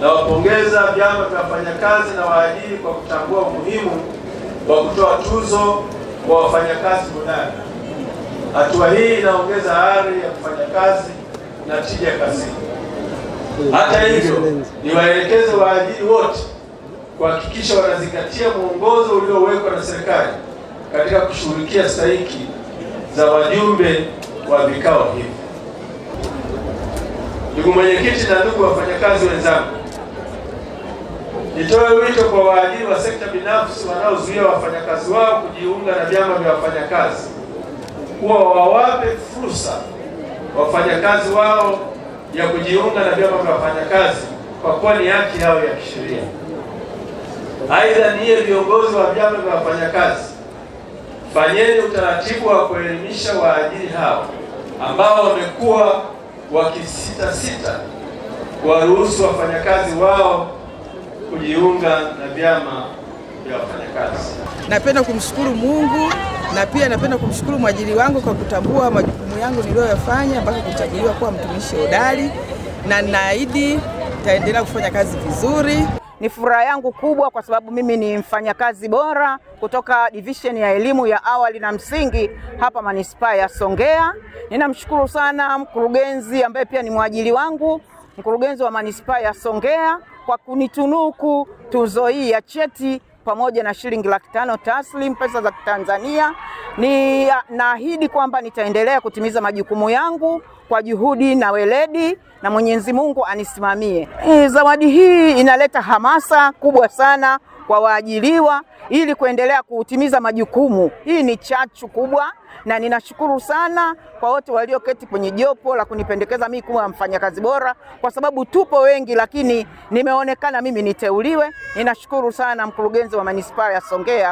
Nawapongeza vyama vya wafanyakazi na waajiri kwa kutambua umuhimu wa kutoa tuzo kwa wafanyakazi hodari. Hatua hii inaongeza ari ya kufanya kazi na tija kazini. Hata hivyo, niwaelekeze waajiri wote kuhakikisha wanazingatia mwongozo uliowekwa na serikali katika kushughulikia stahiki za wajumbe wa vikao hivi. Ndugu mwenyekiti na ndugu wafanyakazi wenzangu nitoe wito kwa waajiri wa sekta binafsi wanaozuia wafanyakazi wao kujiunga na vyama vya wafanyakazi kuwa wawape fursa wafanyakazi wao ya kujiunga na vyama vya wafanyakazi kwa kuwa ni haki yao ya kisheria. Aidha, niye viongozi wa vyama vya wafanyakazi, fanyeni utaratibu wa kuelimisha waajiri hao ambao wamekuwa wakisitasita kuwaruhusu wafanyakazi wao kujiunga na vyama vya wafanyakazi. Napenda kumshukuru Mungu na pia napenda kumshukuru mwajiri wangu kwa kutambua majukumu yangu niliyoyafanya mpaka kuchaguliwa kuwa mtumishi hodari, na ninaahidi nitaendelea kufanya kazi vizuri. Ni furaha yangu kubwa kwa sababu mimi ni mfanyakazi bora kutoka division ya elimu ya awali na msingi hapa manispaa ya Songea. Ninamshukuru sana mkurugenzi ambaye pia ni mwajiri wangu, mkurugenzi wa manispaa ya Songea kwa kunitunuku tuzo hii ya cheti pamoja na shilingi laki tano taslim pesa za Tanzania. Ni naahidi kwamba nitaendelea kutimiza majukumu yangu kwa juhudi na weledi na Mwenyezi Mungu anisimamie. Zawadi hii inaleta hamasa kubwa sana kwa waajiriwa ili kuendelea kutimiza majukumu. Hii ni chachu kubwa, na ninashukuru sana kwa wote walioketi kwenye jopo la kunipendekeza mimi kuwa mfanyakazi bora, kwa sababu tupo wengi, lakini nimeonekana mimi niteuliwe. Ninashukuru sana mkurugenzi wa manispaa ya Songea